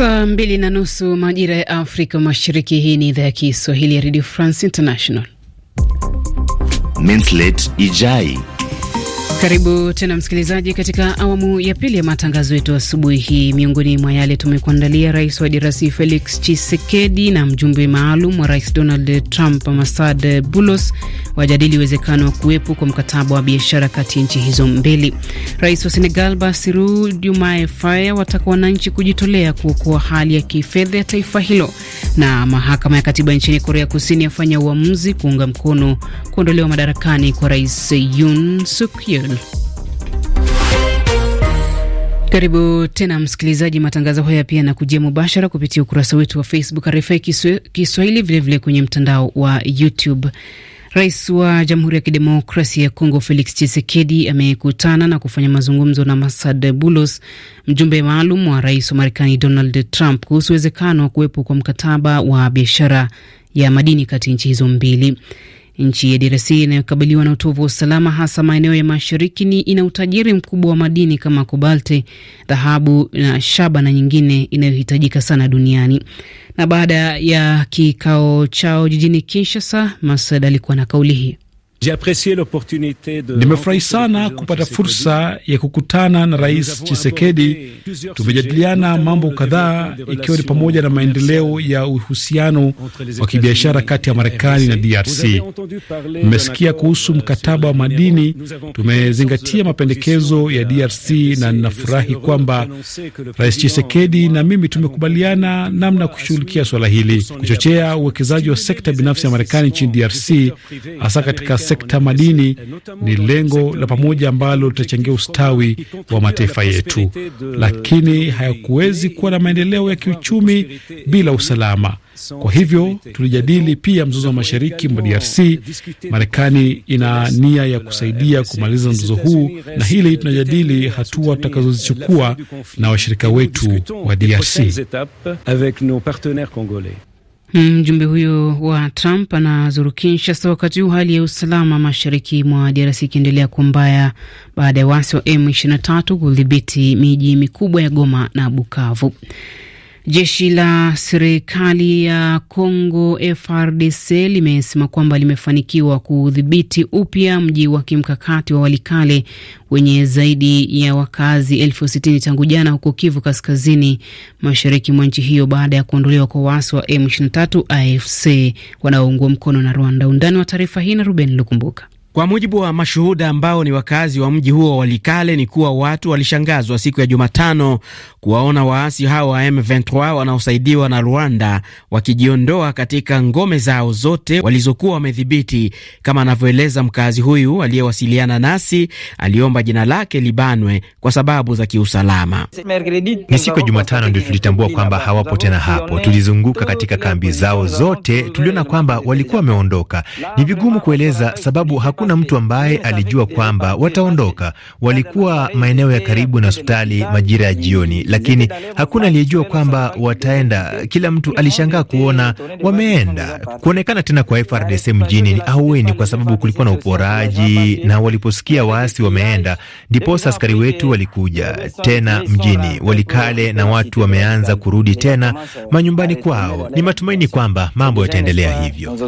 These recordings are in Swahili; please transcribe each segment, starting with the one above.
Saa mbili na nusu majira ya Afrika Mashariki. Hii ni idhaa ya Kiswahili ya Radio France International. Mintlet Ijai karibu tena msikilizaji, katika awamu ya pili ya matangazo yetu asubuhi hii. Miongoni mwa yale tumekuandalia: rais wa DRC Felix Tshisekedi na mjumbe maalum wa rais Donald Trump Masad Bulos wajadili uwezekano wa kuwepo kwa mkataba wa biashara kati ya nchi hizo mbili. Rais wa Senegal Bassirou Diomaye Faye wataka wananchi kujitolea kuokoa hali ya kifedha ya taifa hilo. Na mahakama ya katiba nchini Korea Kusini yafanya uamuzi kuunga mkono kuondolewa madarakani kwa Rais Yoon Suk Yeol. Karibu tena msikilizaji, matangazo haya pia yanakujia mubashara kupitia ukurasa wetu wa Facebook RFI Kiswahili, vilevile kwenye mtandao wa YouTube. Rais wa Jamhuri ya Kidemokrasia ya Kongo Felix Tshisekedi amekutana na kufanya mazungumzo na Masad Bulos, mjumbe maalum wa rais wa Marekani Donald Trump kuhusu uwezekano wa kuwepo kwa mkataba wa biashara ya madini kati ya nchi hizo mbili. Nchi ya DRC inayokabiliwa na utovu wa usalama hasa maeneo ya mashariki ni ina utajiri mkubwa wa madini kama kobalti, dhahabu na shaba na nyingine inayohitajika sana duniani. Na baada ya kikao chao jijini Kinshasa, Masad alikuwa na kauli hii. Nimefurahi sana kupata fursa ya kukutana na Rais chisekedi Tumejadiliana mambo kadhaa, ikiwa ni pamoja na maendeleo ya uhusiano wa kibiashara kati ya Marekani na DRC. Nimesikia kuhusu euh, mkataba wa madini, tumezingatia mapendekezo ya DRC na ninafurahi kwamba Rais chisekedi na mimi tumekubaliana namna ya kushughulikia swala hili, kuchochea uwekezaji wa sekta binafsi ya Marekani nchini DRC hasa katika sekta madini ni lengo la pamoja ambalo litachangia ustawi wa mataifa yetu, lakini hayakuwezi kuwa na maendeleo ya kiuchumi bila usalama. Kwa hivyo tulijadili pia mzozo wa mashariki mwa DRC. Marekani ina nia ya kusaidia kumaliza mzozo huu, na hili tunajadili hatua tutakazozichukua na washirika wetu wa DRC. Mm, mjumbe huyo wa Trump anazuru Kinshasa wakati huu hali ya usalama mashariki mwa DRC ikiendelea kuwa mbaya baada ya wasi wa M23 kudhibiti miji mikubwa ya Goma na Bukavu. Jeshi la serikali ya Congo FRDC limesema kwamba limefanikiwa kudhibiti upya mji wa kimkakati wa Walikale wenye zaidi ya wakazi elfu sitini tangu jana huko Kivu Kaskazini, mashariki mwa nchi hiyo baada ya kuondolewa kwa waasi wa M23 AFC wanaoungwa mkono na Rwanda. Undani wa taarifa hii na Ruben Lukumbuka. Kwa mujibu wa mashuhuda ambao ni wakazi wa mji huo Walikale, ni kuwa watu walishangazwa siku ya Jumatano kuwaona waasi hao wa M23 wanaosaidiwa na Rwanda wakijiondoa katika ngome zao zote walizokuwa wamedhibiti, kama anavyoeleza mkazi huyu aliyewasiliana nasi. Aliomba jina lake libanwe kwa sababu za kiusalama. Ni siku ya Jumatano ndio tulitambua kwamba hawapo tena hapo. Tulizunguka katika kambi zao zote, tuliona kwamba walikuwa wameondoka. Ni vigumu kueleza sababu hakuna mtu ambaye alijua kwamba wataondoka. Walikuwa maeneo ya karibu na hospitali majira ya jioni, lakini hakuna aliyejua kwamba wataenda. Kila mtu alishangaa kuona wameenda. Kuonekana tena kwa FRDC mjini ni ahueni, kwa sababu kulikuwa na uporaji, na waliposikia waasi wameenda, ndiposa askari wetu walikuja tena mjini, walikale na watu wameanza kurudi tena manyumbani kwao. Ni matumaini kwamba mambo yataendelea hivyo.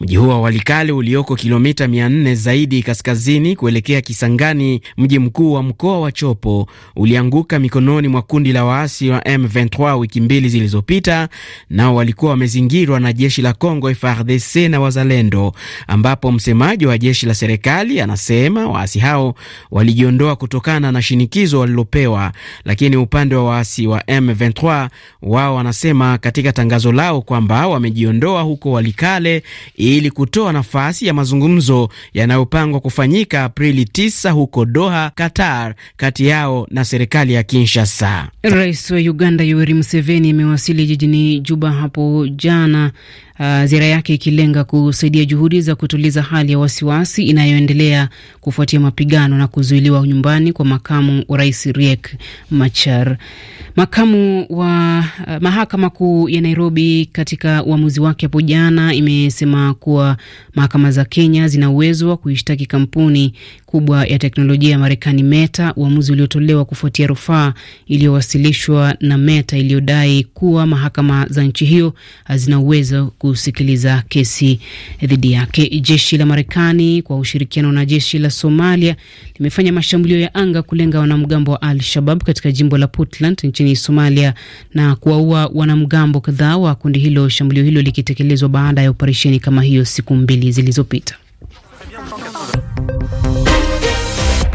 Mji huo wa Walikale ulioko kilomita kilomita 400 zaidi kaskazini kuelekea Kisangani, mji mkuu wa mkoa wa Chopo, ulianguka mikononi mwa kundi la waasi wa M23 wiki mbili zilizopita. Nao walikuwa wamezingirwa na jeshi la Congo FRDC na wazalendo, ambapo msemaji wa jeshi la serikali anasema waasi hao walijiondoa kutokana na shinikizo walilopewa, lakini upande wa waasi wa M23 wao wanasema katika tangazo lao kwamba wamejiondoa huko Walikale ili kutoa nafasi ya mazungumzo mazungumzo yanayopangwa kufanyika Aprili 9 huko Doha, Qatar, kati yao na serikali ya Kinshasa. Rais wa Uganda Yoweri Museveni amewasili jijini Juba hapo jana uh, ziara yake ikilenga kusaidia juhudi za kutuliza hali ya wasiwasi inayoendelea kufuatia mapigano na kuzuiliwa nyumbani kwa makamu wa rais Riek Machar. Makamu wa uh, mahakama kuu ya Nairobi katika uamuzi wake hapo jana imesema kuwa mahakama za Kenya zina uwezo wa kuishtaki kampuni kubwa ya teknolojia ya Marekani Meta, uamuzi uliotolewa kufuatia rufaa iliyowasilishwa na Meta iliyodai kuwa mahakama za nchi hiyo hazina uwezo kusikiliza kesi dhidi yake. Jeshi la Marekani kwa ushirikiano na jeshi la Somalia limefanya mashambulio ya anga kulenga wanamgambo wa Al-Shabab katika jimbo la Puntland nchini Somalia na kuwaua wanamgambo kadhaa wa kundi hilo, shambulio hilo likitekelezwa baada ya operesheni kama hiyo siku mbili zilizopita.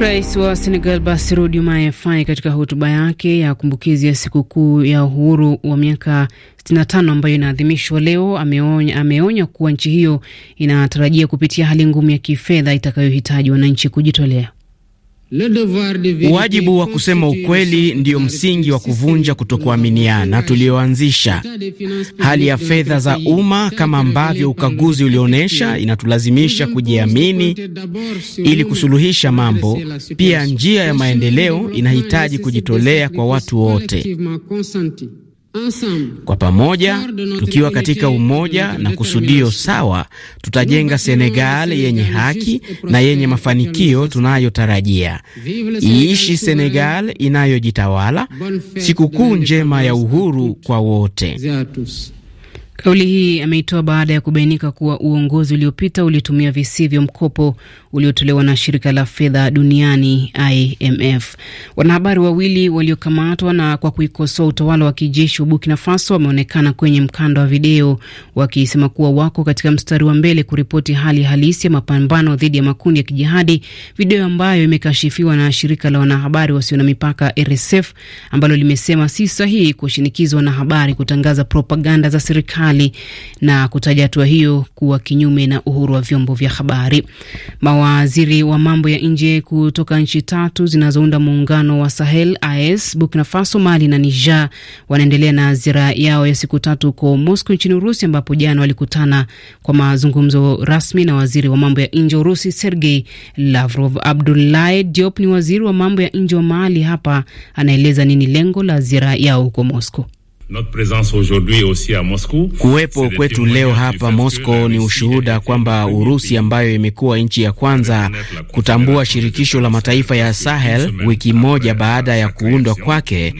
Rais wa Senegal Bassirou Diomaye Faye katika hotuba yake ya kumbukizi ya sikukuu ya uhuru wa miaka 65 ambayo inaadhimishwa leo ameonya, ameonya kuwa nchi hiyo inatarajia kupitia hali ngumu ya kifedha itakayohitaji wananchi kujitolea. Wajibu wa kusema ukweli ndiyo msingi wa kuvunja kutokuaminiana tulioanzisha. Hali ya fedha za umma, kama ambavyo ukaguzi ulionyesha, inatulazimisha kujiamini ili kusuluhisha mambo. Pia njia ya maendeleo inahitaji kujitolea kwa watu wote. Kwa pamoja tukiwa katika umoja na kusudio sawa, tutajenga Senegal yenye haki na yenye mafanikio tunayotarajia. Iishi Senegal inayojitawala! Sikukuu njema ya uhuru kwa wote. Kauli hii ameitoa baada ya kubainika kuwa uongozi uliopita ulitumia visivyo mkopo uliotolewa na shirika la fedha duniani IMF. Wanahabari wawili waliokamatwa na kwa kuikosoa utawala wa kijeshi wa Burkina Faso wameonekana kwenye mkanda wa video wakisema kuwa wako katika mstari wa mbele kuripoti hali halisi ya mapambano dhidi ya makundi ya kijihadi, video ambayo imekashifiwa na shirika la wanahabari wasio na mipaka RSF ambalo limesema si sahihi kuwashinikiza wanahabari kutangaza propaganda za serikali serikali na kutaja hatua hiyo kuwa kinyume na uhuru wa vyombo vya habari. Mawaziri wa mambo ya nje kutoka nchi tatu zinazounda muungano wa Sahel as e Burkina Faso, Mali na Niger wanaendelea na ziara yao ya siku tatu huko Moscow nchini Urusi, ambapo jana walikutana kwa mazungumzo rasmi na waziri wa mambo ya nje wa Urusi Sergei Lavrov. Abdoulaye Diop ni waziri wa mambo ya nje wa Mali, hapa anaeleza nini lengo la ziara yao huko Moscow. Kuwepo kwetu leo hapa Moscow ni ushuhuda kwamba Urusi ambayo imekuwa nchi ya kwanza kutambua shirikisho la mataifa ya Sahel wiki moja baada ya kuundwa kwake,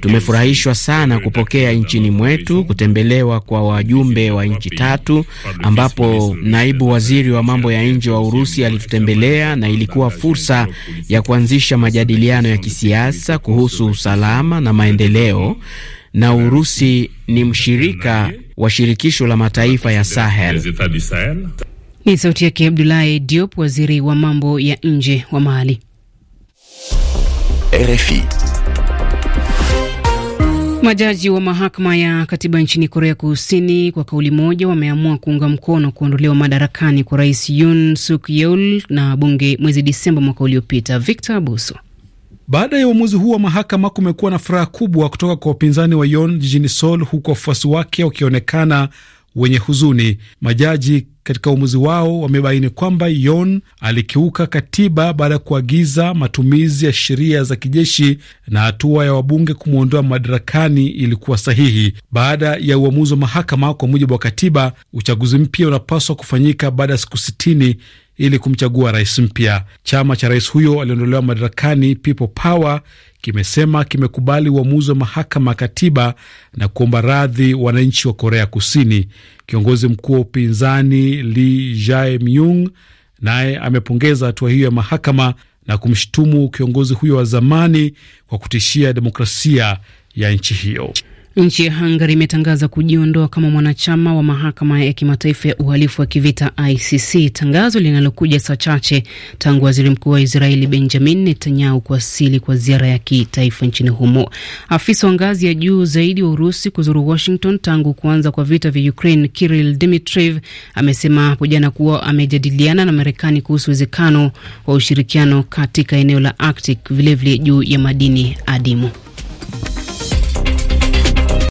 tumefurahishwa sana kupokea nchini mwetu kutembelewa kwa wajumbe wa nchi tatu, ambapo naibu waziri wa mambo ya nje wa Urusi alitutembelea na ilikuwa fursa ya kuanzisha majadiliano ya kisiasa kuhusu usalama na maendeleo na Urusi ni mshirika wa shirikisho la mataifa ya Sahel. Ni sauti yake Abdulahi Diop, waziri wa mambo ya nje wa Mali. RFI. Majaji wa mahakama ya katiba nchini Korea Kusini kwa kauli moja wameamua kuunga mkono kuondolewa madarakani kwa rais Yoon Suk Yeol na bunge mwezi Disemba mwaka uliopita. Victor Abuso. Baada ya uamuzi huu wa mahakama, kumekuwa na furaha kubwa kutoka kwa upinzani wa Yon jijini Seoul, huku wafuasi wake wakionekana wenye huzuni. Majaji katika uamuzi wao wamebaini kwamba Yon alikiuka katiba baada ya kuagiza matumizi ya sheria za kijeshi na hatua ya wabunge kumwondoa madarakani ilikuwa sahihi. Baada ya uamuzi wa mahakama, kwa mujibu wa katiba, uchaguzi mpya unapaswa kufanyika baada ya siku sitini ili kumchagua rais mpya. Chama cha rais huyo aliondolewa madarakani People Power kimesema kimekubali uamuzi wa mahakama ya katiba na kuomba radhi wananchi wa Korea Kusini. Kiongozi mkuu wa upinzani Lee Jae-myung naye amepongeza hatua hiyo ya mahakama na kumshutumu kiongozi huyo wa zamani kwa kutishia demokrasia ya nchi hiyo. Nchi ya Hungary imetangaza kujiondoa kama mwanachama wa mahakama ya kimataifa ya uhalifu wa kivita ICC, tangazo linalokuja saa chache tangu waziri mkuu wa Israeli Benjamin Netanyahu kuwasili kwa ziara ya kitaifa nchini humo. Afisa wa ngazi ya juu zaidi wa Urusi kuzuru Washington tangu kuanza kwa vita vya Ukraine, Kirill Dmitriev amesema hapo jana kuwa amejadiliana na Marekani kuhusu uwezekano wa ushirikiano katika eneo la Arctic, vilevile juu ya madini adimu.